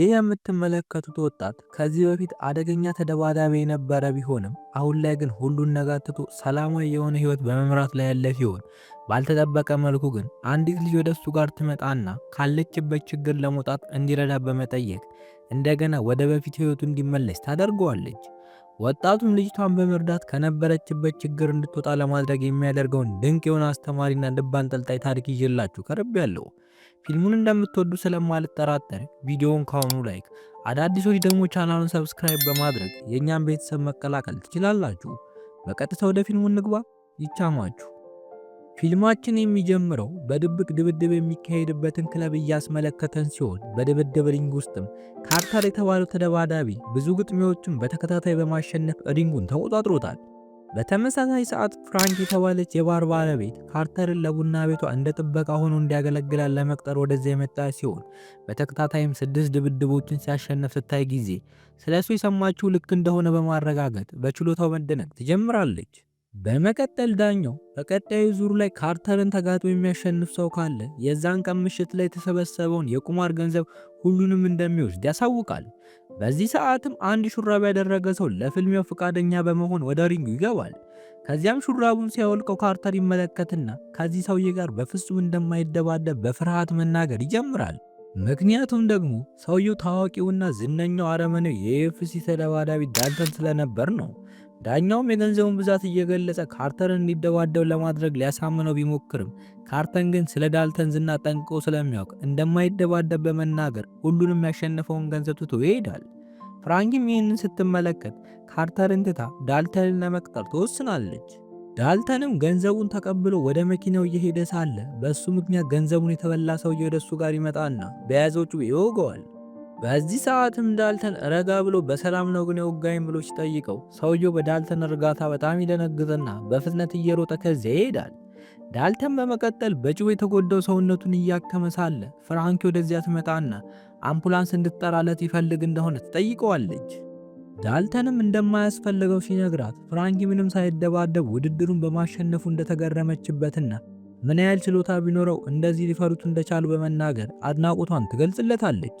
ይህ የምትመለከቱት ወጣት ከዚህ በፊት አደገኛ ተደባዳቢ የነበረ ቢሆንም አሁን ላይ ግን ሁሉን ነገር ትቶ ሰላማዊ የሆነ ህይወት በመምራት ላይ ያለ ሲሆን ባልተጠበቀ መልኩ ግን አንዲት ልጅ ወደ እሱ ጋር ትመጣና ካለችበት ችግር ለመውጣት እንዲረዳ በመጠየቅ እንደገና ወደ በፊት ህይወቱ እንዲመለስ ታደርገዋለች። ወጣቱም ልጅቷን በመርዳት ከነበረችበት ችግር እንድትወጣ ለማድረግ የሚያደርገውን ድንቅ የሆነ አስተማሪና ልብ አንጠልጣይ ታሪክ ይዤላችሁ ቀርቤያለሁ። ፊልሙን እንደምትወዱ ስለማልጠራጠር ቪዲዮውን ካሁኑ ላይክ፣ አዳዲሶች ደግሞ ቻናሉን ሰብስክራይብ በማድረግ የእኛን ቤተሰብ መቀላቀል ትችላላችሁ። በቀጥታ ወደ ፊልሙ እንግባ። ይቻማችሁ ፊልማችን የሚጀምረው በድብቅ ድብድብ የሚካሄድበትን ክለብ እያስመለከተን ሲሆን በድብድብ ሪንግ ውስጥም ካርተር የተባለው ተደባዳቢ ብዙ ግጥሚያዎችን በተከታታይ በማሸነፍ ሪንጉን ተቆጣጥሮታል። በተመሳሳይ ሰዓት ፍራንክ የተባለች የባር ባለቤት ካርተርን ለቡና ቤቷ እንደ ጥበቃ ሆኖ እንዲያገለግላል ለመቅጠር ወደዚያ የመጣ ሲሆን በተከታታይም ስድስት ድብድቦችን ሲያሸነፍ ስታይ ጊዜ ስለ እሱ የሰማችው ልክ እንደሆነ በማረጋገጥ በችሎታው መደነቅ ትጀምራለች። በመቀጠል ዳኛው በቀጣዩ ዙር ላይ ካርተርን ተጋጥሞ የሚያሸንፍ ሰው ካለ የዛን ቀን ምሽት ላይ የተሰበሰበውን የቁማር ገንዘብ ሁሉንም እንደሚወስድ ያሳውቃል። በዚህ ሰዓትም አንድ ሹራብ ያደረገ ሰው ለፍልሚያው ፈቃደኛ በመሆን ወደ ሪንጉ ይገባል። ከዚያም ሹራቡን ሲያወልቀው ካርተር ይመለከትና ከዚህ ሰውዬ ጋር በፍጹም እንደማይደባደብ በፍርሃት መናገር ይጀምራል። ምክንያቱም ደግሞ ሰውየው ታዋቂውና ዝነኛው አረመኔው የኤፍሲ ተደባዳቢ ዳልተን ስለነበር ነው። ዳኛውም የገንዘቡን ብዛት እየገለጸ ካርተርን እንዲደባደብ ለማድረግ ሊያሳምነው ቢሞክርም ካርተን ግን ስለ ዳልተን ዝና ጠንቅቆ ስለሚያውቅ እንደማይደባደብ በመናገር ሁሉንም ያሸነፈውን ገንዘብ ትቶ ይሄዳል። ፍራንኪም ይህንን ስትመለከት ካርተርን ትታ ዳልተንን ለመቅጠር ትወስናለች። ዳልተንም ገንዘቡን ተቀብሎ ወደ መኪናው እየሄደ ሳለ በእሱ ምክንያት ገንዘቡን የተበላ ሰውዬ ወደ እሱ ጋር ይመጣና በያዘው ጩቤ ይወገዋል። በዚህ ሰዓትም ዳልተን ረጋ ብሎ በሰላም ነው ግን የወጋኝ ብሎ ሲጠይቀው ሰውየው በዳልተን እርጋታ በጣም ይደነግጥና በፍጥነት እየሮጠ ከዚያ ይሄዳል። ዳልተን በመቀጠል በጭው የተጎዳው ሰውነቱን እያከመ ሳለ ፍራንኪ ወደዚያ ትመጣና አምቡላንስ እንድትጠራለት ይፈልግ እንደሆነ ትጠይቀዋለች። ዳልተንም እንደማያስፈልገው ሲነግራት ፍራንኪ ምንም ሳይደባደብ ውድድሩን በማሸነፉ እንደተገረመችበትና ምን ያህል ችሎታ ቢኖረው እንደዚህ ሊፈሩት እንደቻሉ በመናገር አድናቆቷን ትገልጽለታለች።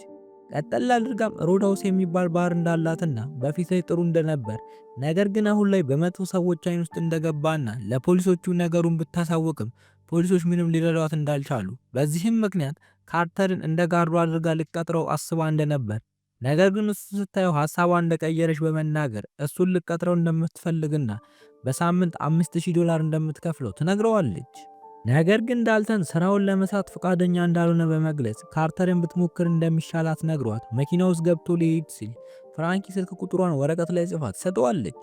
ቀጠል አድርጋም ሮዳውስ የሚባል ባህር እንዳላትና በፊት ላይ ጥሩ እንደነበር ነገር ግን አሁን ላይ በመቶ ሰዎች አይን ውስጥ እንደገባና ለፖሊሶቹ ነገሩን ብታሳውቅም ፖሊሶች ምንም ሊረዳዋት እንዳልቻሉ፣ በዚህም ምክንያት ካርተርን እንደ ጋርዶ አድርጋ ልቀጥረው አስባ እንደነበር ነገር ግን እሱ ስታየው ሀሳቧ እንደቀየረች በመናገር እሱን ልቀጥረው እንደምትፈልግና በሳምንት 5000 ዶላር እንደምትከፍለው ትነግረዋለች። ነገር ግን ዳልተን ስራውን ለመስራት ፈቃደኛ እንዳልሆነ በመግለጽ ካርተርን ብትሞክር እንደሚሻላት ነግሯት መኪና ውስጥ ገብቶ ሊሄድ ሲል ፍራንኪ ስልክ ቁጥሯን ወረቀት ላይ ጽፋ ትሰጠዋለች።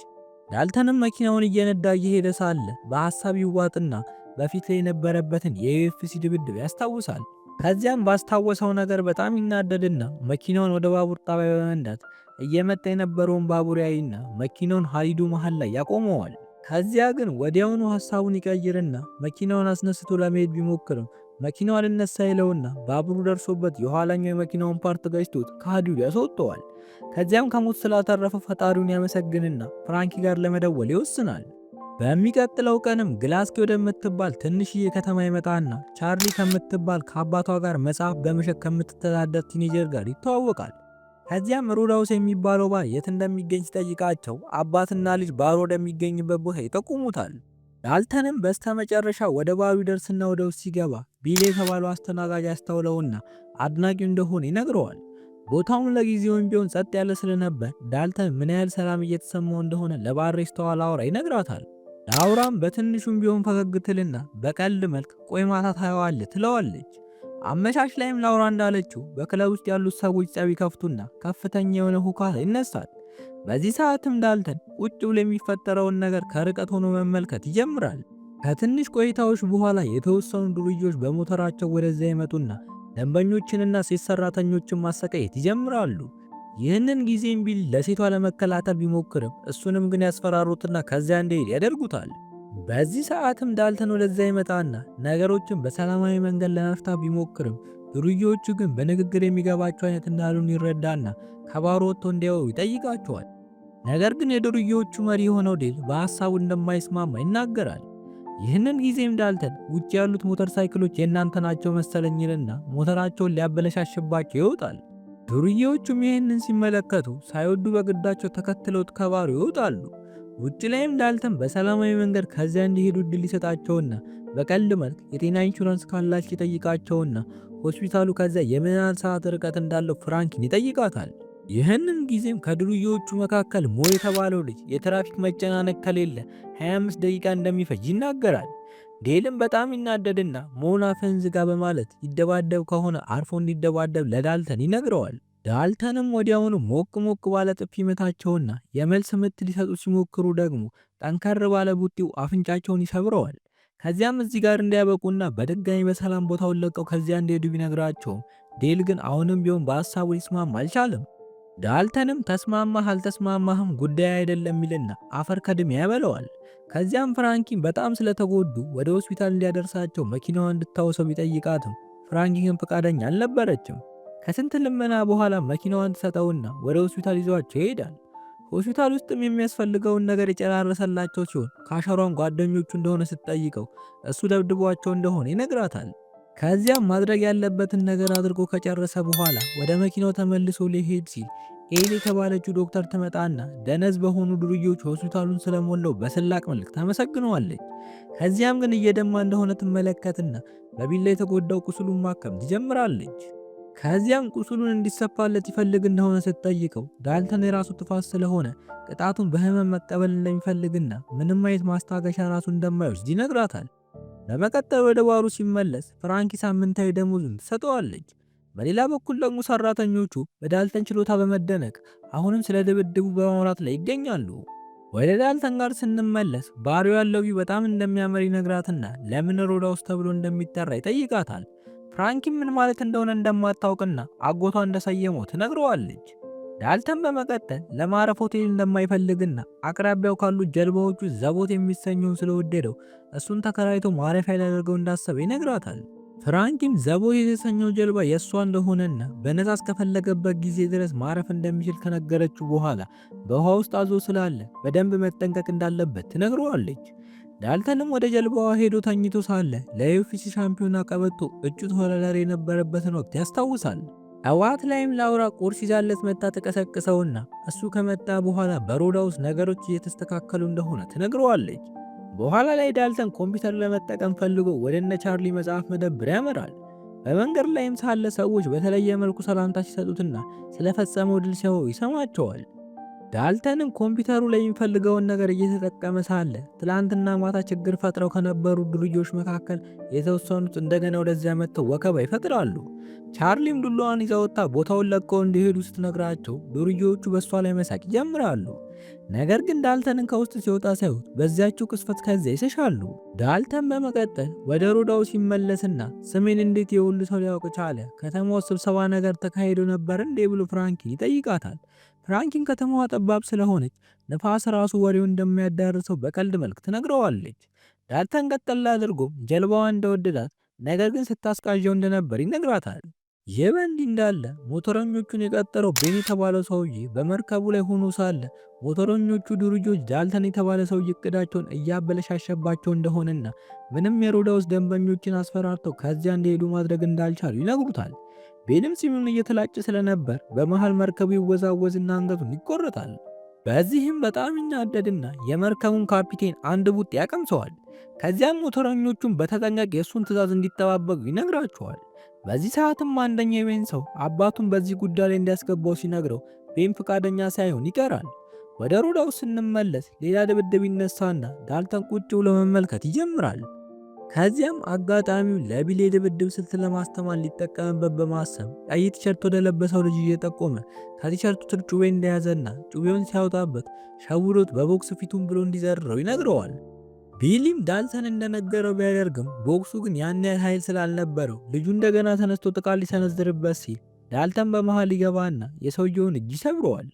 ዳልተንም መኪናውን እየነዳ እየሄደ ሳለ በሐሳብ ይዋጥና በፊት ላይ የነበረበትን የዩኤፍሲ ድብድብ ያስታውሳል። ከዚያም ባስታወሰው ነገር በጣም ይናደድና መኪናውን ወደ ባቡር ጣቢያ በመንዳት እየመጣ የነበረውን ባቡር ያይና መኪናውን ሀዲዱ መሃል ላይ ያቆመዋል። ከዚያ ግን ወዲያውኑ ሐሳቡን ይቀይርና መኪናውን አስነስቶ ለመሄድ ቢሞክርም መኪናው አልነሳ ይለውና ባቡሩ ደርሶበት የኋላኛው የመኪናውን ፓርት ገጭቶት ከሃዲው ያስወጥተዋል። ከዚያም ከሞት ስላተረፈ ፈጣሪውን ያመሰግንና ፍራንኪ ጋር ለመደወል ይወስናል። በሚቀጥለው ቀንም ግላስኪ ወደምትባል ትንሽዬ ከተማ ይመጣና ቻርሊ ከምትባል ከአባቷ ጋር መጽሐፍ በመሸጥ ከምትተዳደር ቲኔጀር ጋር ይተዋወቃል። ከዚያም ሮዳውስ የሚባለው ባር የት እንደሚገኝ ሲጠይቃቸው አባትና ልጅ ባር ወደሚገኝበት ቦታ ይጠቁሙታል። ዳልተንም በስተመጨረሻ ወደ ባሩ ይደርስና ወደ ውስጥ ሲገባ ቢል የተባለው አስተናጋጅ ያስተውለውና አድናቂ እንደሆነ ይነግረዋል። ቦታውን ለጊዜውም ቢሆን ጸጥ ያለ ስለነበር ዳልተን ምን ያህል ሰላም እየተሰማው እንደሆነ ለባር ስተዋል አውራ ይነግራታል። ለአውራም በትንሹም ቢሆን ፈገግትልና በቀልድ መልክ ቆይ ማታ ታየዋለህ ትለዋለች። አመሻሽ ላይም ላውራ እንዳለችው በክለብ ውስጥ ያሉት ሰዎች ጸብ ከፍቱና ከፍተኛ የሆነ ሁካታ ይነሳል። በዚህ ሰዓትም ዳልተን ቁጭ ብሎ የሚፈጠረውን ነገር ከርቀት ሆኖ መመልከት ይጀምራል። ከትንሽ ቆይታዎች በኋላ የተወሰኑ ዱርዬዎች በሞተራቸው ወደዚያ ይመጡና ደንበኞችንና ሴት ሰራተኞችን ማሰቃየት ይጀምራሉ። ይህንን ጊዜም ቢል ለሴቷ ለመከላከል ቢሞክርም እሱንም ግን ያስፈራሩትና ከዚያ እንዲሄድ ያደርጉታል። በዚህ ሰዓትም ዳልተን ወደዛ ይመጣና ነገሮችን በሰላማዊ መንገድ ለመፍታት ቢሞክርም ዱርዬዎቹ ግን በንግግር የሚገባቸው አይነት እንዳሉን ይረዳና ከባሮ ወጥቶ እንዲያው ይጠይቃቸዋል። ነገር ግን የዱርዬዎቹ መሪ የሆነው ዴል በሀሳቡ እንደማይስማማ ይናገራል። ይህንን ጊዜም ዳልተን ውጭ ያሉት ሞተር ሳይክሎች የእናንተ ናቸው መሰለኝ ይልና ሞተራቸውን ሊያበለሻሽባቸው ይወጣል። ዱርዬዎቹም ይህንን ሲመለከቱ ሳይወዱ በግዳቸው ተከትለውት ከባሮ ይወጣሉ። ውጭ ላይም ዳልተን በሰላማዊ መንገድ ከዚያ እንዲሄዱ እድል ይሰጣቸውና በቀልድ መልክ የጤና ኢንሹራንስ ካላቸው ይጠይቃቸውና ሆስፒታሉ ከዚያ የምን ያህል ሰዓት ርቀት እንዳለው ፍራንኪን ይጠይቃታል። ይህንን ጊዜም ከድርዮቹ መካከል ሞ የተባለው ልጅ የትራፊክ መጨናነቅ ከሌለ 25 ደቂቃ እንደሚፈጅ ይናገራል። ዴልም በጣም ይናደድና ሞና ፈንዝጋ በማለት ይደባደብ ከሆነ አርፎ እንዲደባደብ ለዳልተን ይነግረዋል። ዳልተንም ወዲያውኑ ሞቅ ሞቅ ባለ ጥፊ መታቸውና የመልስ ምት ሊሰጡ ሲሞክሩ ደግሞ ጠንከር ባለ ቡጢው አፍንጫቸውን ይሰብረዋል። ከዚያም እዚህ ጋር እንዲያበቁና በድጋሚ በሰላም ቦታውን ለቀው ከዚያ እንደሄዱ ቢነግራቸውም ዴል ግን አሁንም ቢሆን በሀሳቡ ሊስማማ አልቻለም። ዳልተንም ተስማማህ አልተስማማህም ጉዳይ አይደለም የሚልና አፈር ከድሜ ያበለዋል። ከዚያም ፍራንኪን በጣም ስለተጎዱ ወደ ሆስፒታል እንዲያደርሳቸው መኪናዋ እንድታወሰው ቢጠይቃትም ፍራንኪን ፈቃደኛ አልነበረችም። ከስንት ልመና በኋላ መኪናዋን ትሰጠውና ወደ ሆስፒታል ይዘዋቸው ይሄዳል። ሆስፒታል ውስጥም የሚያስፈልገውን ነገር የጨራረሰላቸው ሲሆን ካሸሯን ጓደኞቹ እንደሆነ ስትጠይቀው እሱ ደብድቧቸው እንደሆነ ይነግራታል። ከዚያም ማድረግ ያለበትን ነገር አድርጎ ከጨረሰ በኋላ ወደ መኪናው ተመልሶ ሊሄድ ሲል ኤል የተባለችው ዶክተር ትመጣና ደነዝ በሆኑ ዱርዬዎች ሆስፒታሉን ስለሞላው በስላቅ መልክ ተመሰግነዋለች። ከዚያም ግን እየደማ እንደሆነ ትመለከትና በቢላ የተጎዳው ቁስሉን ማከም ትጀምራለች። ከዚያም ቁስሉን እንዲሰፋለት ይፈልግ እንደሆነ ስትጠይቀው ዳልተን የራሱ ጥፋት ስለሆነ ቅጣቱን በህመም መቀበል እንደሚፈልግና ምንም አይነት ማስታገሻ ራሱ እንደማይወስድ ይነግራታል። በመቀጠል ወደ ባሩ ሲመለስ ፍራንኪ ሳምንታዊ ደሞዙን ትሰጠዋለች። በሌላ በኩል ደግሞ ሰራተኞቹ በዳልተን ችሎታ በመደነቅ አሁንም ስለ ድብድቡ በማውራት ላይ ይገኛሉ። ወደ ዳልተን ጋር ስንመለስ ባሪው ያለው በጣም እንደሚያምር ይነግራትና ለምን ሮዳውስ ተብሎ እንደሚጠራ ይጠይቃታል። ፍራንኪም ምን ማለት እንደሆነ እንደማታውቅና አጎቷ እንደሰየመው ትነግረዋለች። ዳልተን በመቀጠል ለማረፍ ሆቴል እንደማይፈልግና አቅራቢያው ካሉ ጀልባዎቹ ዘቦት የሚሰኘውን ስለወደደው እሱን ተከራይቶ ማረፊያ ሊያደርገው እንዳሰበ ይነግራታል። ፍራንኪም ዘቦት የተሰኘው ጀልባ የእሷ እንደሆነና በነፃ እስከፈለገበት ጊዜ ድረስ ማረፍ እንደሚችል ከነገረችው በኋላ በውሃ ውስጥ አዞ ስላለ በደንብ መጠንቀቅ እንዳለበት ትነግረዋለች። ዳልተንም ወደ ጀልባዋ ሄዶ ተኝቶ ሳለ ለዩኤፍሲ ሻምፒዮና ቀበቶ እጩ ተወዳዳሪ የነበረበትን ወቅት ያስታውሳል። ጠዋት ላይም ላውራ ቁርስ ይዛለት መጣ ተቀሰቅሰውና እሱ ከመጣ በኋላ በሮዳ ውስጥ ነገሮች እየተስተካከሉ እንደሆነ ትነግረዋለች። በኋላ ላይ ዳልተን ኮምፒውተር ለመጠቀም ፈልጎ ወደ እነ ቻርሊ መጽሐፍ መደብር ያመራል። በመንገድ ላይም ሳለ ሰዎች በተለየ መልኩ ሰላምታ ሲሰጡትና ስለፈጸመው ድል ሲያወሩ ይሰማቸዋል። ዳልተንን ኮምፒውተሩ ላይ የሚፈልገውን ነገር እየተጠቀመ ሳለ ትላንትና ማታ ችግር ፈጥረው ከነበሩ ዱርዮች መካከል የተወሰኑት እንደገና ወደዚያ መጥተው ወከባ ይፈጥራሉ። ቻርሊም ዱላዋን ይዛ ቦታውን ለቀው እንዲሄዱ ስትነግራቸው ዱርዮቹ በእሷ ላይ መሳቅ ይጀምራሉ። ነገር ግን ዳልተንን ከውስጥ ሲወጣ ሳይሆን በዚያችው ቅስፈት ከዚያ ይሸሻሉ። ዳልተን በመቀጠል ወደ ሮዳው ሲመለስና ስሜን እንዴት የሁሉ ሰው ሊያውቅ ቻለ? ከተማው ስብሰባ ነገር ተካሂዶ ነበር እንዴ ብሎ ፍራንኪ ይጠይቃታል። ራንኪን ከተማዋ ጠባብ ስለሆነች ንፋስ ራሱ ወሬው እንደሚያዳርሰው በቀልድ መልክ ትነግረዋለች። ዳልተን ቀጠል አድርጎ ጀልባዋ እንደወደዳት ነገር ግን ስታስቃዣው እንደነበር ይነግራታል። ይህ በእንዲህ እንዳለ ሞተረኞቹን የቀጠረው ቤን የተባለው ሰውዬ በመርከቡ ላይ ሆኖ ሳለ ሞተረኞቹ ዱርጆች ዳልተን የተባለ ሰውዬ እቅዳቸውን እያበለሻሸባቸው እንደሆነና ምንም የሮዳውስ ደንበኞችን አስፈራርተው ከዚያ እንደሄዱ ማድረግ እንዳልቻሉ ይነግሩታል። ቤንም ፂሙን እየተላጨ ስለነበር በመሃል መርከቡ ይወዛወዝና አንገቱን ይቆረጣል። በዚህም በጣም ይናደድና የመርከቡን ካፒቴን አንድ ቡጥ ያቀምሰዋል። ከዚያም ሞተረኞቹን በተጠንቀቅ የእሱን ትዛዝ እንዲጠባበቁ ይነግራቸዋል። በዚህ ሰዓትም አንደኛው የቤን ሰው አባቱን በዚህ ጉዳይ ላይ እንዲያስገባው ሲነግረው ቤን ፈቃደኛ ሳይሆን ይቀራል። ወደ ሮዳው ስንመለስ ሌላ ድብድብ ይነሳና ዳልተን ቁጭ ብሎ መመልከት ይጀምራል። ከዚያም አጋጣሚው ለቢሌ ድብድብ ስልት ለማስተማር ሊጠቀምበት በማሰብ ቀይ ቲሸርት ወደ ለበሰው ልጅ እየጠቆመ ከቲሸርቱ ስር ጩቤ እንደያዘና ጩቤውን ሲያወጣበት ሸውዶት በቦክስ ፊቱን ብሎ እንዲዘርረው ይነግረዋል። ቢሊም ዳልተን እንደነገረው ቢያደርግም ቦክሱ ግን ያን ያህል ኃይል ስላልነበረው ልጁ እንደገና ተነስቶ ጥቃት ሊሰነዝርበት ሲል ዳልተን በመሃል ይገባና የሰውየውን እጅ ይሰብረዋል።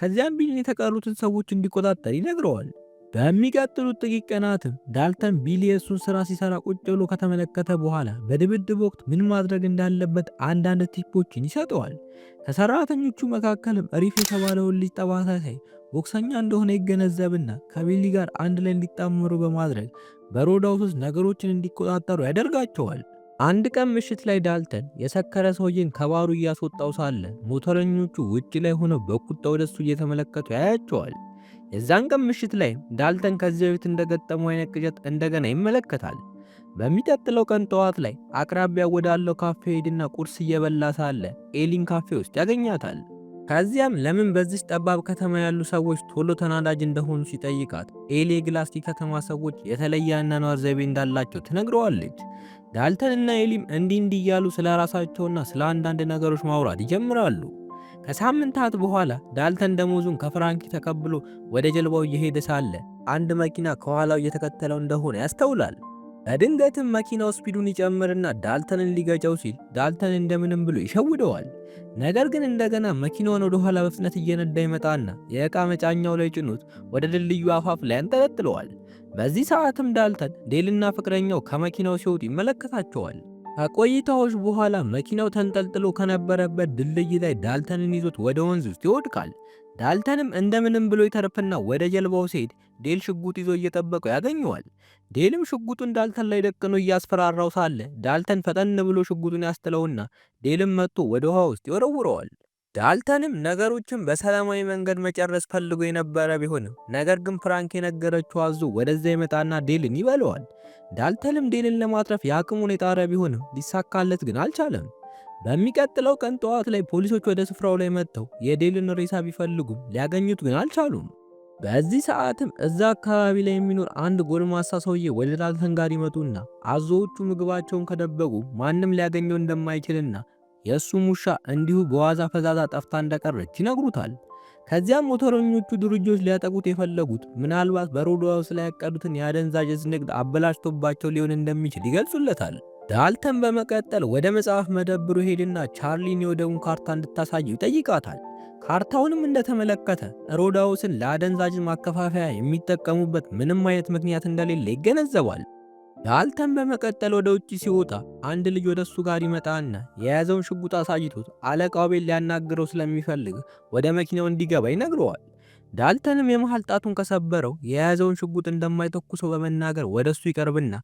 ከዚያም ቢሊን የተቀሩትን ሰዎች እንዲቆጣጠር ይነግረዋል። በሚቀጥሉት ጥቂት ቀናትም ዳልተን ቢሊ የሱን ስራ ሲሰራ ቁጭ ብሎ ከተመለከተ በኋላ በድብድብ ወቅት ምን ማድረግ እንዳለበት አንዳንድ ቲፖችን ይሰጠዋል። ከሰራተኞቹ መካከልም ሪፍ የተባለውን ልጅ ጠባሳሳይ ቦክሰኛ እንደሆነ ይገነዘብና ከቢሊ ጋር አንድ ላይ እንዲጣመሩ በማድረግ በሮዳውስ ውስጥ ነገሮችን እንዲቆጣጠሩ ያደርጋቸዋል። አንድ ቀን ምሽት ላይ ዳልተን የሰከረ ሰውዬን ከባሩ እያስወጣው ሳለ ሞተረኞቹ ውጭ ላይ ሆነው በቁጣ ወደሱ እየተመለከቱ ያያቸዋል። የዛን ቀን ምሽት ላይ ዳልተን ከዚህ በፊት እንደገጠመው አይነት ቅዠት እንደገና ይመለከታል። በሚቀጥለው ቀን ጠዋት ላይ አቅራቢያ ወዳለው ካፌ ሄድና ቁርስ እየበላ ሳለ ኤሊን ካፌ ውስጥ ያገኛታል። ከዚያም ለምን በዚች ጠባብ ከተማ ያሉ ሰዎች ቶሎ ተናዳጅ እንደሆኑ ሲጠይቃት ኤሊ ግላስ ከተማ ሰዎች የተለየ አኗኗር ዘይቤ እንዳላቸው ትነግረዋለች። ዳልተን እና ኤሊም እንዲህ እንዲህ እያሉ ስለ ራሳቸውና ስለ አንዳንድ ነገሮች ማውራት ይጀምራሉ። ከሳምንታት በኋላ ዳልተን ደሞዙን ከፍራንኪ ተቀብሎ ወደ ጀልባው እየሄደ ሳለ አንድ መኪና ከኋላው እየተከተለው እንደሆነ ያስተውላል። በድንገትም መኪናው ስፒዱን ይጨምርና ዳልተንን ሊገጨው ሲል ዳልተን እንደምንም ብሎ ይሸውደዋል። ነገር ግን እንደገና መኪናውን ወደ ኋላ በፍጥነት እየነዳ ይመጣና የዕቃ መጫኛው ላይ ጭኖት ወደ ድልድዩ አፋፍ ላይ ያንጠለጥለዋል። በዚህ ሰዓትም ዳልተን ዴልና ፍቅረኛው ከመኪናው ሲወጡ ይመለከታቸዋል። ከቆይታዎች በኋላ መኪናው ተንጠልጥሎ ከነበረበት ድልድይ ላይ ዳልተንን ይዞት ወደ ወንዝ ውስጥ ይወድቃል። ዳልተንም እንደምንም ብሎ ይተርፍና ወደ ጀልባው ሲሄድ ዴል ሽጉጥ ይዞ እየጠበቀው ያገኘዋል። ዴልም ሽጉጡን ዳልተን ላይ ደቅኖ እያስፈራራው ሳለ ዳልተን ፈጠን ብሎ ሽጉጡን ያስጥለውና ዴልም መጥቶ ወደ ውሃ ውስጥ ይወረውረዋል። ዳልተንም ነገሮችን በሰላማዊ መንገድ መጨረስ ፈልጎ የነበረ ቢሆንም ነገር ግን ፍራንክ የነገረችው አዞ ወደዛ ይመጣና ዴልን ይበለዋል። ዳልተንም ዴልን ለማትረፍ የአቅሙን የጣረ ቢሆንም ሊሳካለት ግን አልቻለም። በሚቀጥለው ቀን ጠዋት ላይ ፖሊሶች ወደ ስፍራው ላይ መጥተው የዴልን ሬሳ ቢፈልጉም ሊያገኙት ግን አልቻሉም። በዚህ ሰዓትም እዛ አካባቢ ላይ የሚኖር አንድ ጎልማሳ ሰውዬ ወደ ዳልተን ጋር ይመጡና አዞዎቹ ምግባቸውን ከደበቁ ማንም ሊያገኘው እንደማይችልና የእሱም ውሻ እንዲሁ በዋዛ ፈዛዛ ጠፍታ እንደቀረች ይነግሩታል። ከዚያም ሞተረኞቹ ድርጅቶች ሊያጠቁት የፈለጉት ምናልባት በሮድሃውስ ላይ ያቀዱትን የአደንዛዥ ዕፅ ንግድ አበላሽቶባቸው ሊሆን እንደሚችል ይገልጹለታል። ዳልተን በመቀጠል ወደ መጽሐፍ መደብሩ ሄድና ቻርሊን የወደቡን ካርታ እንድታሳየው ይጠይቃታል። ካርታውንም እንደተመለከተ ሮድሃውስን ለአደንዛዥ ማከፋፈያ የሚጠቀሙበት ምንም አይነት ምክንያት እንደሌለ ይገነዘባል። ዳልተን በመቀጠል ወደ ውጭ ሲወጣ አንድ ልጅ ወደ እሱ ጋር ይመጣና የያዘውን ሽጉጥ አሳይቶት አለቃው ቤት ሊያናግረው ስለሚፈልግ ወደ መኪናው እንዲገባ ይነግረዋል። ዳልተንም የመሃል ጣቱን ከሰበረው የያዘውን ሽጉጥ እንደማይተኩሰው በመናገር ወደ እሱ ይቀርብና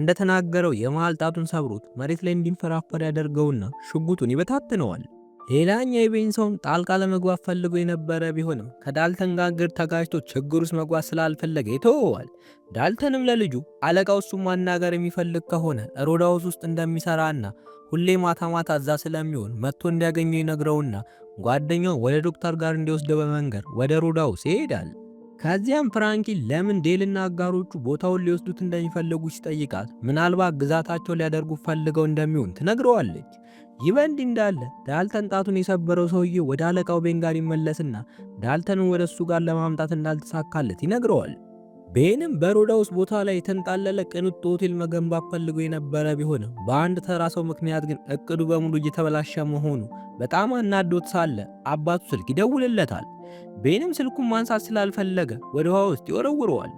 እንደተናገረው የመሃል ጣቱን ሰብሮት መሬት ላይ እንዲንፈራፈር ያደርገውና ሽጉጡን ይበታትነዋል። ሌላኛው የቤንሳውም ጣልቃ ለመግባት ፈልጎ የነበረ ቢሆንም ከዳልተን ጋር ግር ተጋጅቶ ችግር ውስጥ መግባት ስላልፈለገ ይተወዋል። ዳልተንም ለልጁ አለቃው እሱን ማናገር የሚፈልግ ከሆነ ሮዳውስ ውስጥ እንደሚሰራና ሁሌ ማታ ማታ እዛ ስለሚሆን መጥቶ እንዲያገኘው ይነግረውና ጓደኛው ወደ ዶክተር ጋር እንዲወስደ በመንገር ወደ ሮዳውስ ይሄዳል። ከዚያም ፍራንኪ ለምን ዴልና አጋሮቹ ቦታውን ሊወስዱት እንደሚፈልጉ ሲጠይቃት ምናልባት ግዛታቸው ሊያደርጉ ፈልገው እንደሚሆን ትነግረዋለች። ይበንድ እንዳለ ዳልተን ጣቱን የሰበረው ሰውዬ ወደ አለቃው ቤን ጋር ይመለስና ዳልተንን ወደ እሱ ጋር ለማምጣት እንዳልተሳካለት ይነግረዋል። ቤንም በሮዳውስ ቦታ ላይ የተንጣለለ ቅንጡ ሆቴል መገንባት ፈልጎ የነበረ ቢሆንም በአንድ ተራ ሰው ምክንያት ግን እቅዱ በሙሉ እየተበላሸ መሆኑ በጣም አናዶት ሳለ አባቱ ስልክ ይደውልለታል። ቤንም ስልኩን ማንሳት ስላልፈለገ ወደ ውሃ ውስጥ ይወረውረዋል።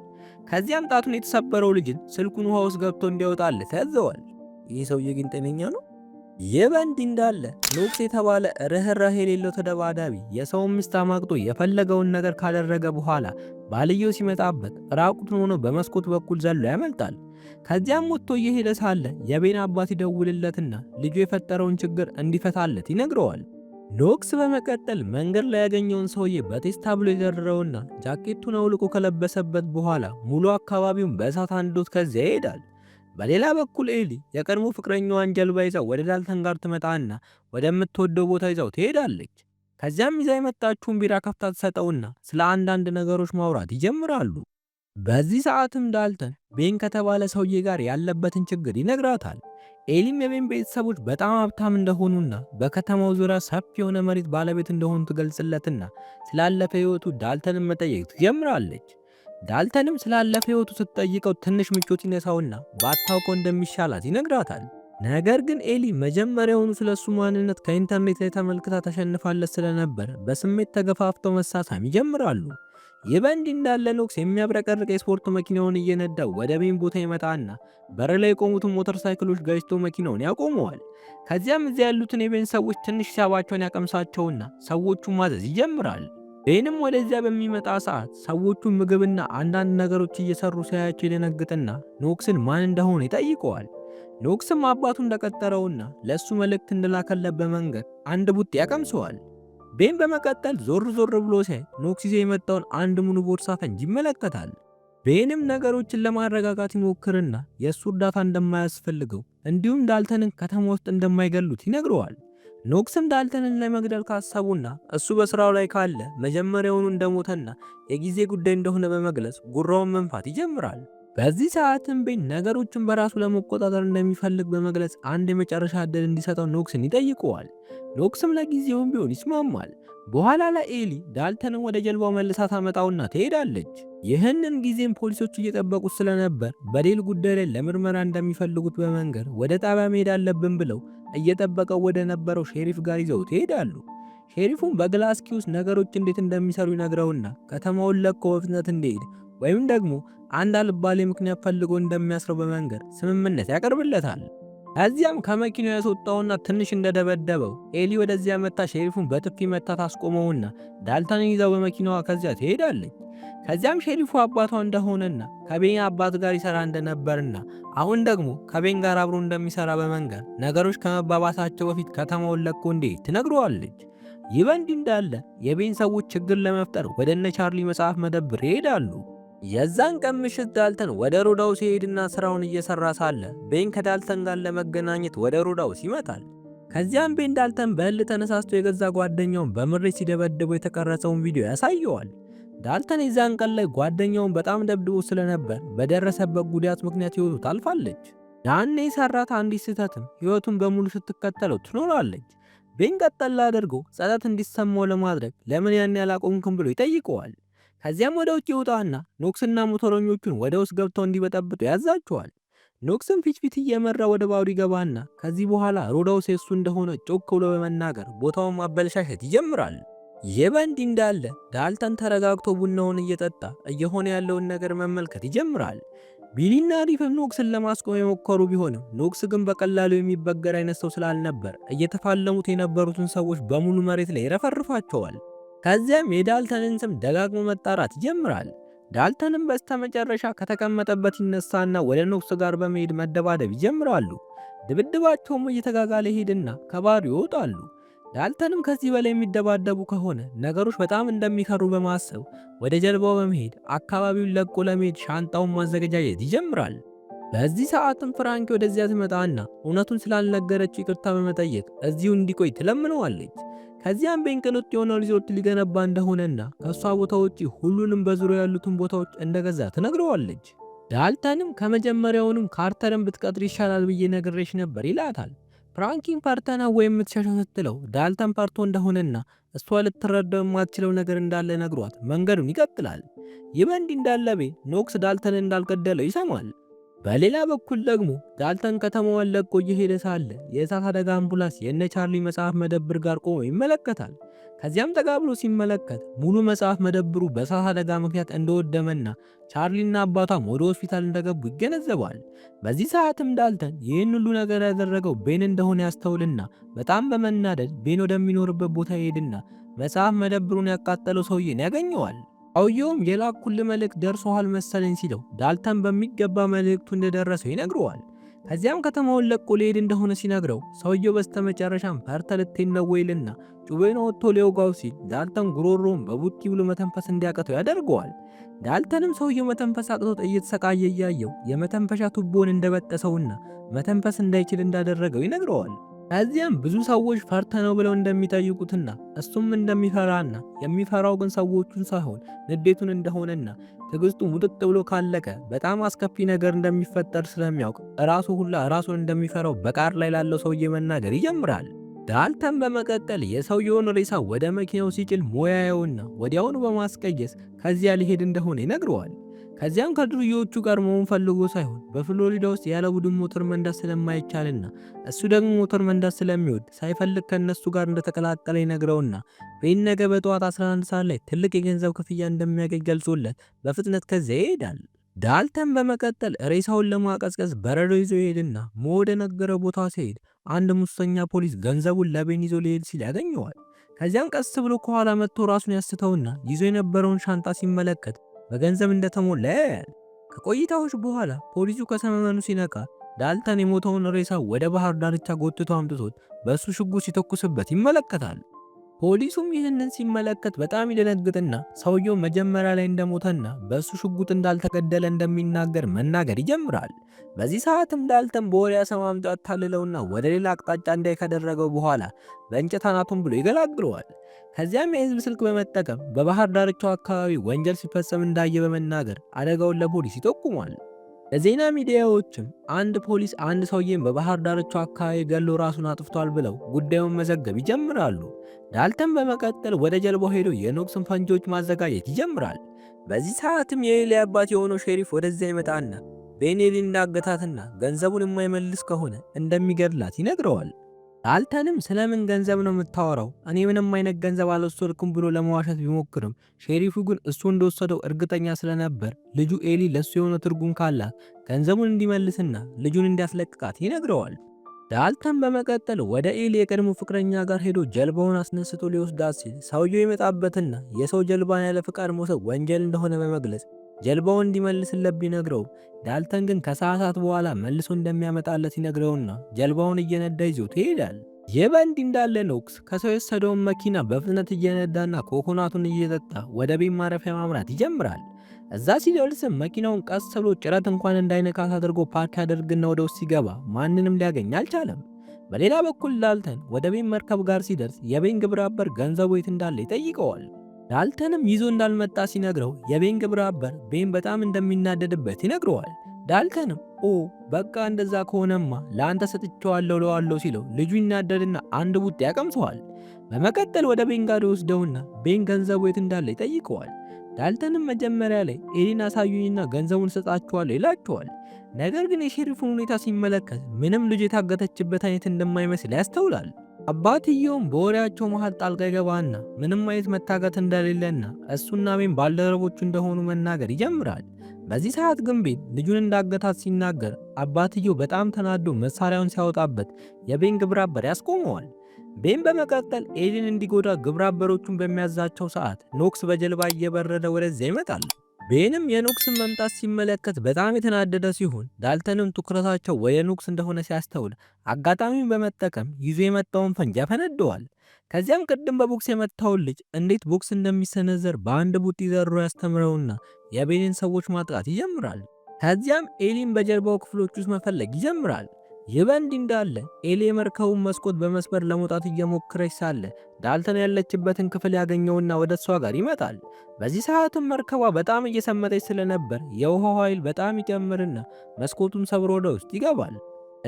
ከዚያም ጣቱን የተሰበረው ልጅን ስልኩን ውሃ ውስጥ ገብቶ እንዲያወጣለት ያዘዋል። ይህ ሰውዬ ግን ጤነኛ ነው? ይህ በእንዲህ እንዳለ ሉክስ የተባለ ርኅራኄ የሌለው ተደባዳቢ የሰውን ሚስት አማግጦ የፈለገውን ነገር ካደረገ በኋላ ባልየው ሲመጣበት ራቁቱን ሆኖ በመስኮት በኩል ዘሎ ያመልጣል። ከዚያም ወጥቶ እየሄደ ሳለ የቤን አባት ይደውልለትና ልጁ የፈጠረውን ችግር እንዲፈታለት ይነግረዋል። ሎክስ በመቀጠል መንገድ ላይ ያገኘውን ሰውዬ በቴስታ ብሎ የደረረውና ጃኬቱን አውልቆ ከለበሰበት በኋላ ሙሉ አካባቢውን በእሳት አንዶት ከዚያ ይሄዳል። በሌላ በኩል ኤሊ የቀድሞ ፍቅረኛዋን ጀልባ ይዛው ወደ ዳልተን ጋር ትመጣና ወደምትወደው ቦታ ይዛው ትሄዳለች። ከዚያም ይዛ የመጣችውን ቢራ ከፍታ ትሰጠውና ስለ አንዳንድ ነገሮች ማውራት ይጀምራሉ። በዚህ ሰዓትም ዳልተን ቤን ከተባለ ሰውዬ ጋር ያለበትን ችግር ይነግራታል። ኤሊም የቤን ቤተሰቦች በጣም ሀብታም እንደሆኑና በከተማው ዙሪያ ሰፊ የሆነ መሬት ባለቤት እንደሆኑ ትገልጽለትና ስላለፈ ሕይወቱ ዳልተንን መጠየቅ ትጀምራለች። ዳልተንም ስላለፈ ህይወቱ ስትጠይቀው ትንሽ ምቾት ይነሳውና ባታውቀው እንደሚሻላት ይነግራታል። ነገር ግን ኤሊ መጀመሪያውኑ ስለ እሱ ማንነት ከኢንተርኔት ላይ ተመልክታ ተሸንፋለት ስለነበር በስሜት ተገፋፍተው መሳሳም ይጀምራሉ። ይህ በእንዲህ እንዳለ ኖክስ የሚያብረቀርቅ የስፖርት መኪናውን እየነዳ ወደ ሜን ቦታ ይመጣና በር ላይ የቆሙትን ሞተር ሳይክሎች ገጭቶ መኪናውን ያቆመዋል። ከዚያም እዚያ ያሉትን የቤን ሰዎች ትንሽ ሂሳባቸውን ያቀምሳቸውና ሰዎቹ ማዘዝ ይጀምራል። ይህንም ወደዚያ በሚመጣ ሰዓት ሰዎቹ ምግብና አንዳንድ ነገሮች እየሰሩ ሲያያቸው ይደነግጥና ኖክስን ማን እንደሆነ ይጠይቀዋል። ኖክስም አባቱ እንደቀጠረውና ለእሱ መልእክት እንደላከለት በመንገድ አንድ ቡጥ ያቀምሰዋል። ቤን በመቀጠል ዞር ዞር ብሎ ሲያይ ኖክስ ይዞ የመጣውን አንድ ሙሉ ቦርሳ ፈንጅ ይመለከታል። ቤንም ነገሮችን ለማረጋጋት ይሞክርና የእሱ እርዳታ እንደማያስፈልገው እንዲሁም ዳልተንን ከተማ ውስጥ እንደማይገሉት ይነግረዋል። ኖክስም ዳልተንን ለመግደል ካሰቡና እሱ በስራው ላይ ካለ መጀመሪያውኑ እንደሞተና የጊዜ ጉዳይ እንደሆነ በመግለጽ ጉራውን መንፋት ይጀምራል። በዚህ ሰዓትም ቤን ነገሮችን በራሱ ለመቆጣጠር እንደሚፈልግ በመግለጽ አንድ የመጨረሻ ዕድል እንዲሰጠው ኖክስን ይጠይቀዋል። ኖክስም ለጊዜውም ቢሆን ይስማማል። በኋላ ላይ ኤሊ ዳልተንን ወደ ጀልባው መልሳ ታመጣውና ትሄዳለች። ይህንን ጊዜም ፖሊሶች እየጠበቁት ስለነበር በሌል ጉዳይ ላይ ለምርመራ እንደሚፈልጉት በመንገር ወደ ጣቢያ መሄድ አለብን ብለው እየጠበቀው ወደ ነበረው ሼሪፍ ጋር ይዘው ትሄዳሉ። ሼሪፉም በግላስኪውስ ነገሮች እንዴት እንደሚሰሩ ይነግረውና ከተማውን ለቆ በፍጥነት እንዲሄድ ወይም ደግሞ አንድ አልባሌ ምክንያት ፈልጎ እንደሚያስረው በመንገር ስምምነት ያቀርብለታል። እዚያም ከመኪናው ያስወጣውና ትንሽ እንደደበደበው ኤሊ ወደዚያ መታ ሼሪፉን በጥፊ መታ ታስቆመውና ዳልተንን ይዛው በመኪናዋ ከዚያ ትሄዳለች። ከዚያም ሼሪፉ አባቷ እንደሆነና ከቤን አባት ጋር ይሰራ እንደነበርና አሁን ደግሞ ከቤን ጋር አብሮ እንደሚሰራ በመንገር ነገሮች ከመባባሳቸው በፊት ከተማውን ለቆ እንዴ ትነግረዋለች። ይህ በእንዲህ እንዳለ የቤን ሰዎች ችግር ለመፍጠር ወደ እነ ቻርሊ መጽሐፍ መደብር ይሄዳሉ። የዛን ቀን ምሽት ዳልተን ወደ ሮዳው ሲሄድና ስራውን እየሰራ ሳለ ቤን ከዳልተን ጋር ለመገናኘት ወደ ሮዳው ይመጣል። ከዚያም ቤን ዳልተን በህል ተነሳስቶ የገዛ ጓደኛውን በምሬት ሲደበድበው የተቀረጸውን ቪዲዮ ያሳየዋል። ዳልተን የዛን ቀን ላይ ጓደኛውን በጣም ደብድቦ ስለነበር በደረሰበት ጉዳት ምክንያት ህይወቱ ታልፋለች። ያኔ የሰራት አንዲት ስህተትም ህይወቱን በሙሉ ስትከተለው ትኖራለች። ቤን ቀጠል አድርጎ ጸጸት እንዲሰማው ለማድረግ ለምን ያን ያላቆምክም ብሎ ይጠይቀዋል። ከዚያም ወደ ውጭ ይወጣና ኖክስና ሞተረኞቹን ወደ ውስጥ ገብተው እንዲበጠብጡ ያዛቸዋል። ኖክስም ፊትፊት እየመራ ወደ ባዱ ይገባና ከዚህ በኋላ ሮዳውስ የሱ እንደሆነ ጮክ ብሎ በመናገር ቦታውን ማበለሻሸት ይጀምራል። ይህ በእንዲህ እንዳለ ዳልተን ተረጋግቶ ቡናውን እየጠጣ እየሆነ ያለውን ነገር መመልከት ይጀምራል። ቢሊና ሪፍም ኖክስን ለማስቆም የሞከሩ ቢሆንም ኖክስ ግን በቀላሉ የሚበገር አይነት ሰው ስላልነበር እየተፋለሙት የነበሩትን ሰዎች በሙሉ መሬት ላይ ይረፈርፋቸዋል። ከዚያም የዳልተንን ስም ደጋግሞ መጣራት ይጀምራል። ዳልተንም በስተመጨረሻ ከተቀመጠበት ይነሳና ወደ ኖክስ ጋር በመሄድ መደባደብ ይጀምራሉ። ድብድባቸውም እየተጋጋለ ሄድና ከባሩ ይወጣሉ። ዳልተንም ከዚህ በላይ የሚደባደቡ ከሆነ ነገሮች በጣም እንደሚከሩ በማሰብ ወደ ጀልባው በመሄድ አካባቢውን ለቆ ለመሄድ ሻንጣውን ማዘገጃጀት ይጀምራል። በዚህ ሰዓትም ፍራንኪ ወደዚያ ትመጣና እውነቱን ስላልነገረችው ይቅርታ በመጠየቅ እዚሁ እንዲቆይ ትለምነዋለች። ከዚያም ቤን ቅንጡ የሆነ ሪዞርት ሊገነባ እንደሆነና ከእሷ ቦታ ውጪ ሁሉንም በዙሪያ ያሉትን ቦታዎች እንደገዛ ትነግረዋለች። ዳልተንም ከመጀመሪያውንም ካርተርን ብትቀጥር ይሻላል ብዬ ነግሬሽ ነበር ይላታል። ፍራንኪን ፓርተና ወይም የምትሸሸው ስትለው ዳልተን ፓርቶ እንደሆነና እሷ ልትረዳው የማትችለው ነገር እንዳለ ነግሯት መንገዱን ይቀጥላል። ይህ በእንዲህ እንዳለ ቤን ኖክስ ዳልተን እንዳልገደለው ይሰማል። በሌላ በኩል ደግሞ ዳልተን ከተማዋን ለቆ እየሄደ ሳለ የእሳት አደጋ አምቡላንስ የነ ቻርሊ መጽሐፍ መደብር ጋር ቆሞ ይመለከታል። ከዚያም ጠጋ ብሎ ሲመለከት ሙሉ መጽሐፍ መደብሩ በእሳት አደጋ ምክንያት እንደወደመና ቻርሊና አባቷም ወደ ሆስፒታል እንደገቡ ይገነዘባል። በዚህ ሰዓትም ዳልተን ይህን ሁሉ ነገር ያደረገው ቤን እንደሆነ ያስተውልና በጣም በመናደድ ቤን ወደሚኖርበት ቦታ ይሄድና መጽሐፍ መደብሩን ያቃጠለው ሰውዬን ያገኘዋል። አውየውም የላኩል መልእክት ደርሶሃል መሰለኝ ሲለው ዳልተን በሚገባ መልእክቱ እንደደረሰው ይነግረዋል። ከዚያም ከተማውን ለቆ ሊሄድ እንደሆነ ሲነግረው ሰውየው በስተመጨረሻም ፈርተ ልትሄድ ነው ወይልና ጩቤን ወጥቶ ሊወጋው ሲል ዳልተን ጉሮሮውን በቡጢ ብሎ መተንፈስ እንዲያቀተው ያደርገዋል። ዳልተንም ሰውየው መተንፈስ አቅቶት እየተሰቃየ እያየው የመተንፈሻ ቱቦን እንደበጠሰውና መተንፈስ እንዳይችል እንዳደረገው ይነግረዋል። ከዚያም ብዙ ሰዎች ፈርተ ነው ብለው እንደሚጠይቁትና እሱም እንደሚፈራና የሚፈራው ግን ሰዎቹን ሳይሆን ንዴቱን እንደሆነና ትግስቱ ሙጥጥ ብሎ ካለቀ በጣም አስከፊ ነገር እንደሚፈጠር ስለሚያውቅ እራሱ ሁላ እራሱን እንደሚፈራው በቃር ላይ ላለው ሰውዬ መናገር ይጀምራል። ዳልተን በመቀጠል የሰውየውን ሬሳ ወደ መኪናው ሲጭል ሞያየውና ወዲያውኑ በማስቀየስ ከዚያ ሊሄድ እንደሆነ ይነግረዋል። ከዚያም ከድርዮቹ ጋር መሆን ፈልጎ ሳይሆን በፍሎሪዳ ውስጥ ያለ ቡድን ሞተር መንዳት ስለማይቻልና እሱ ደግሞ ሞተር መንዳት ስለሚወድ ሳይፈልግ ከእነሱ ጋር እንደተቀላቀለ ይነግረውና ቤን ነገ በጠዋት 11 ሰዓት ላይ ትልቅ የገንዘብ ክፍያ እንደሚያገኝ ገልጾለት በፍጥነት ከዚያ ይሄዳል። ዳልተን በመቀጠል ሬሳውን ለማቀዝቀዝ በረዶ ይዞ ይሄድና ሞ ወደ ነገረ ቦታ ሲሄድ አንድ ሙሰኛ ፖሊስ ገንዘቡን ለቤን ይዞ ሊሄድ ሲል ያገኘዋል። ከዚያም ቀስ ብሎ ከኋላ መጥቶ ራሱን ያስተውና ይዞ የነበረውን ሻንጣ ሲመለከት በገንዘብ እንደተሞላ ያያል። ከቆይታዎች በኋላ ፖሊሱ ከሰመመኑ ሲነቃ ዳልተን የሞተውን ሬሳ ወደ ባህር ዳርቻ ጎትቶ አምጥቶት በእሱ ሽጉጥ ሲተኩስበት ይመለከታል። ፖሊሱም ይህንን ሲመለከት በጣም ይደነግጥና ሰውየው መጀመሪያ ላይ እንደሞተና በእሱ ሽጉጥ እንዳልተገደለ እንደሚናገር መናገር ይጀምራል። በዚህ ሰዓትም ዳልተን በወሬ ሰማምጦ አታልለውና ወደ ሌላ አቅጣጫ እንዳይ ከደረገው በኋላ በእንጨት አናቱን ብሎ ይገላግለዋል። ከዚያም የህዝብ ስልክ በመጠቀም በባህር ዳርቻው አካባቢ ወንጀል ሲፈጸም እንዳየ በመናገር አደጋውን ለፖሊስ ይጠቁሟል። የዜና ሚዲያዎችም አንድ ፖሊስ አንድ ሰውዬን በባህር ዳርቻው አካባቢ ገሎ ራሱን አጥፍቷል ብለው ጉዳዩን መዘገብ ይጀምራሉ። ዳልተን በመቀጠል ወደ ጀልባው ሄዶ የኖክስን ፈንጂዎች ማዘጋጀት ይጀምራል። በዚህ ሰዓትም የሌሊ አባት የሆነው ሼሪፍ ወደዚያ ይመጣና ቤኔሊ እንዳገታትና ገንዘቡን የማይመልስ ከሆነ እንደሚገድላት ይነግረዋል። ዳልተንም ስለምን ገንዘብ ነው የምታወራው? እኔ ምንም አይነት ገንዘብ አልወሰድኩም ብሎ ለመዋሸት ቢሞክርም ሼሪፉ ግን እሱ እንደወሰደው እርግጠኛ ስለነበር ልጁ ኤሊ ለእሱ የሆነ ትርጉም ካላት ገንዘቡን እንዲመልስና ልጁን እንዲያስለቅቃት ይነግረዋል። ዳልተን በመቀጠል ወደ ኤሊ የቀድሞ ፍቅረኛ ጋር ሄዶ ጀልባውን አስነስቶ ሊወስዳት ሲል ሰውየው የመጣበትና የሰው ጀልባን ያለ ፍቃድ መውሰድ ወንጀል እንደሆነ በመግለጽ ጀልባውን እንዲመልስለት ቢነግረው ዳልተን ግን ከሰዓታት በኋላ መልሶ እንደሚያመጣለት ይነግረውና ጀልባውን እየነዳ ይዞት ይሄዳል። ይህ በእንዲህ እንዳለ ኖክስ ከሰው የወሰደውን መኪና በፍጥነት እየነዳና ኮኮናቱን እየጠጣ ወደ ቤት ማረፊያ ማምራት ይጀምራል። እዛ ሲደርስም መኪናውን ቀስ ብሎ ጭረት እንኳን እንዳይነካት አድርጎ ፓርክ ያደርግና ወደ ውስጥ ሲገባ ማንንም ሊያገኝ አልቻለም። በሌላ በኩል ዳልተን ወደ ቤን መርከብ ጋር ሲደርስ የቤን ግብረ አበር ገንዘቡ የት እንዳለ ይጠይቀዋል። ዳልተንም ይዞ እንዳልመጣ ሲነግረው የቤን ግብረ አበር ቤን በጣም እንደሚናደድበት ይነግረዋል። ዳልተንም ኦ በቃ እንደዛ ከሆነማ ለአንተ ሰጥቸዋለሁ ለዋለው ሲለው ልጁ ይናደድና አንድ ቡጤ ያቀምሰዋል። በመቀጠል ወደ ቤን ጋር ይወስደውና ቤን ገንዘቡ የት እንዳለ ይጠይቀዋል። ዳልተንም መጀመሪያ ላይ ኤሊን አሳዩኝና ገንዘቡን ሰጣችኋለሁ ይላቸዋል። ነገር ግን የሼሪፉን ሁኔታ ሲመለከት ምንም ልጁ የታገተችበት አይነት እንደማይመስል ያስተውላል። አባትየውም በወሬያቸው መሃል ጣልቃ ይገባና ምንም አይነት መታገት እንደሌለና እሱና ቤን ባልደረቦቹ እንደሆኑ መናገር ይጀምራል። በዚህ ሰዓት ግን ቤን ልጁን እንዳገታት ሲናገር አባትየው በጣም ተናዶ መሳሪያውን ሲያወጣበት የቤን ግብረ ያስቆመዋል። ቤን በመቀጠል ኤሊን እንዲጎዳ ግብራበሮቹን በሚያዛቸው ሰዓት ኖክስ በጀልባ እየበረረ ወደዚያ ይመጣል። ቤንም የኑክስ መምጣት ሲመለከት በጣም የተናደደ ሲሆን ዳልተንም ትኩረታቸው ወደ ኑክስ እንደሆነ ሲያስተውል አጋጣሚውን በመጠቀም ይዞ የመጣውን ፈንጂ ያፈነደዋል። ከዚያም ቅድም በቦክስ የመታውን ልጅ እንዴት ቦክስ እንደሚሰነዘር በአንድ ቡጢ ዘሮ ያስተምረውና የቤንን ሰዎች ማጥቃት ይጀምራል። ከዚያም ኤሊን በጀርባው ክፍሎች ውስጥ መፈለግ ይጀምራል። ይህ በእንዲህ እንዳለ ኤሊ የመርከቡን መስኮት በመስበር ለመውጣት እየሞከረች ሳለ ዳልተን ያለችበትን ክፍል ያገኘውና ወደ እሷ ጋር ይመጣል። በዚህ ሰዓትም መርከቧ በጣም እየሰመጠች ስለነበር የውሃው ኃይል በጣም ይጨምርና መስኮቱን ሰብሮ ወደ ውስጥ ይገባል።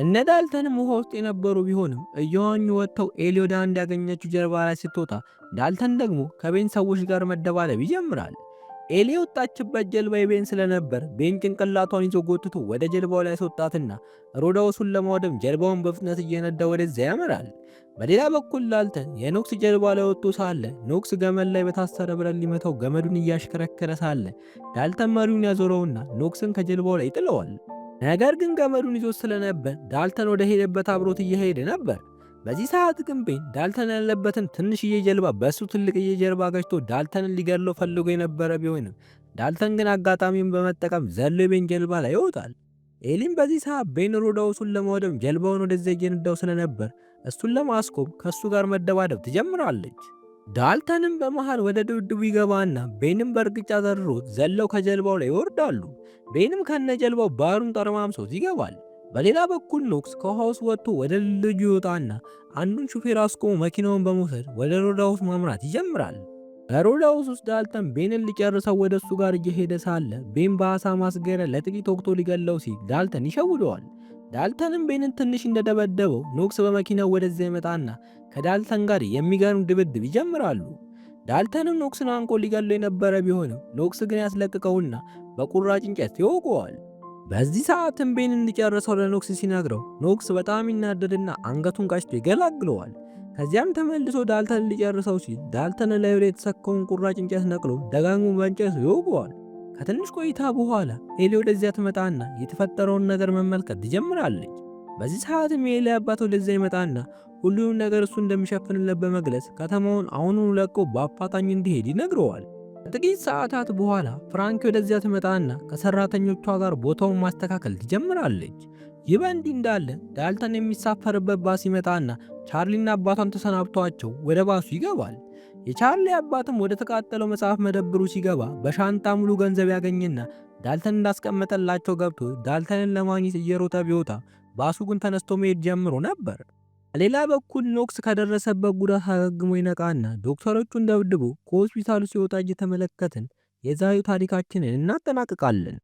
እነ ዳልተንም ውሃ ውስጥ የነበሩ ቢሆንም እየዋኙ ወጥተው ኤሊ ወደ አንድ ያገኘችው ጀርባ ላይ ስትወጣ፣ ዳልተን ደግሞ ከቤን ሰዎች ጋር መደባለብ ይጀምራል። ኤሊ የወጣችበት ጀልባ የቤን ስለነበር ቤን ጭንቅላቷን ይዞ ጎትቶ ወደ ጀልባው ላይ አስወጣትና ሮዳውሱን ለማውደም ጀልባውን በፍጥነት እየነዳ ወደዚያ ያመራል። በሌላ በኩል ላልተን የኖክስ ጀልባ ላይ ወጥቶ ሳለ ኖክስ ገመድ ላይ በታሰረ ብረት ሊመታው ገመዱን እያሽከረከረ ሳለ ዳልተን መሪውን ያዞረውና ኖክስን ከጀልባው ላይ ይጥለዋል። ነገር ግን ገመዱን ይዞት ስለነበር ዳልተን ወደ ሄደበት አብሮት እየሄደ ነበር። በዚህ ሰዓት ግን ቤን ዳልተን ያለበትን ትንሽዬ ጀልባ በእሱ ትልቅዬ ጀልባ ገጭቶ ዳልተንን ሊገድለው ፈልጎ የነበረ ቢሆንም ዳልተን ግን አጋጣሚውን በመጠቀም ዘሎ የቤን ጀልባ ላይ ይወጣል። ኤሊም በዚህ ሰዓት ቤን ሮዳውሱን ለመወደም ጀልባውን ወደዚያ እየነዳው ስለነበር እሱን ለማስቆም ከእሱ ጋር መደባደብ ትጀምራለች። ዳልተንም በመሃል ወደ ድብድቡ ይገባና ቤንም በእርግጫ ዘርሮት ዘለው ከጀልባው ላይ ይወርዳሉ። ቤንም ከነ ጀልባው ባህሩን ጠርማምሶት ይገባል። በሌላ በኩል ኖክስ ከውሃውስ ወጥቶ ወደ ልጁ ይወጣና አንዱን ሹፌር አስቆሞ መኪናውን በመውሰድ ወደ ሮዳውስ ማምራት ይጀምራል። በሮዳውስ ውስጥ ዳልተን ቤንን ሊጨርሰው ወደ እሱ ጋር እየሄደ ሳለ ቤን በአሳ ማስገሪያ ለጥቂት ወቅቶ ሊገለው ሲል ዳልተን ይሸውደዋል። ዳልተንም ቤንን ትንሽ እንደደበደበው ኖክስ በመኪናው ወደዚያ ይመጣና ከዳልተን ጋር የሚገርም ድብድብ ይጀምራሉ። ዳልተንም ኖክስን አንቆ ሊገለው የነበረ ቢሆንም ኖክስ ግን ያስለቅቀውና በቁራጭ እንጨት ይወገዋል። በዚህ ሰዓት ቤን እንዲጨርሰው ለኖክስ ሲነግረው ኖክስ በጣም ይናደድና አንገቱን ቀጭቶ ይገላግለዋል። ከዚያም ተመልሶ ዳልተን ሊጨርሰው ሲል ዳልተን ላዩ ላይ የተሰካውን ቁራጭ እንጨት ነቅሎ ደጋግሞ በእንጨት ይወገዋል። ከትንሽ ቆይታ በኋላ ኤሌ ወደዚያ ትመጣና የተፈጠረውን ነገር መመልከት ትጀምራለች። በዚህ ሰዓትም የሄሊ አባት ወደዚያ ይመጣና ሁሉም ነገር እሱ እንደሚሸፍንለት በመግለጽ ከተማውን አሁኑን ለቆ በአፋጣኝ እንዲሄድ ይነግረዋል። ጥቂት ሰዓታት በኋላ ፍራንኪ ወደዚያ ትመጣና ከሰራተኞቿ ጋር ቦታውን ማስተካከል ትጀምራለች። ይህ በእንዲህ እንዳለ ዳልተን የሚሳፈርበት ባስ ይመጣና ቻርሊና አባቷን ተሰናብተዋቸው ወደ ባሱ ይገባል። የቻርሊ አባትም ወደ ተቃጠለው መጽሐፍ መደብሩ ሲገባ በሻንጣ ሙሉ ገንዘብ ያገኝና ዳልተን እንዳስቀመጠላቸው ገብቶ ዳልተንን ለማግኘት እየሮጠ ቢወጣ ባሱ ግን ተነስቶ መሄድ ጀምሮ ነበር። ሌላ በኩል ኖክስ ከደረሰበት ጉዳት አገግሞ ይነቃና ዶክተሮቹ ደብድቦ ከሆስፒታሉ ሲወጣ እየተመለከትን የዛሬው ታሪካችንን እናጠናቅቃለን።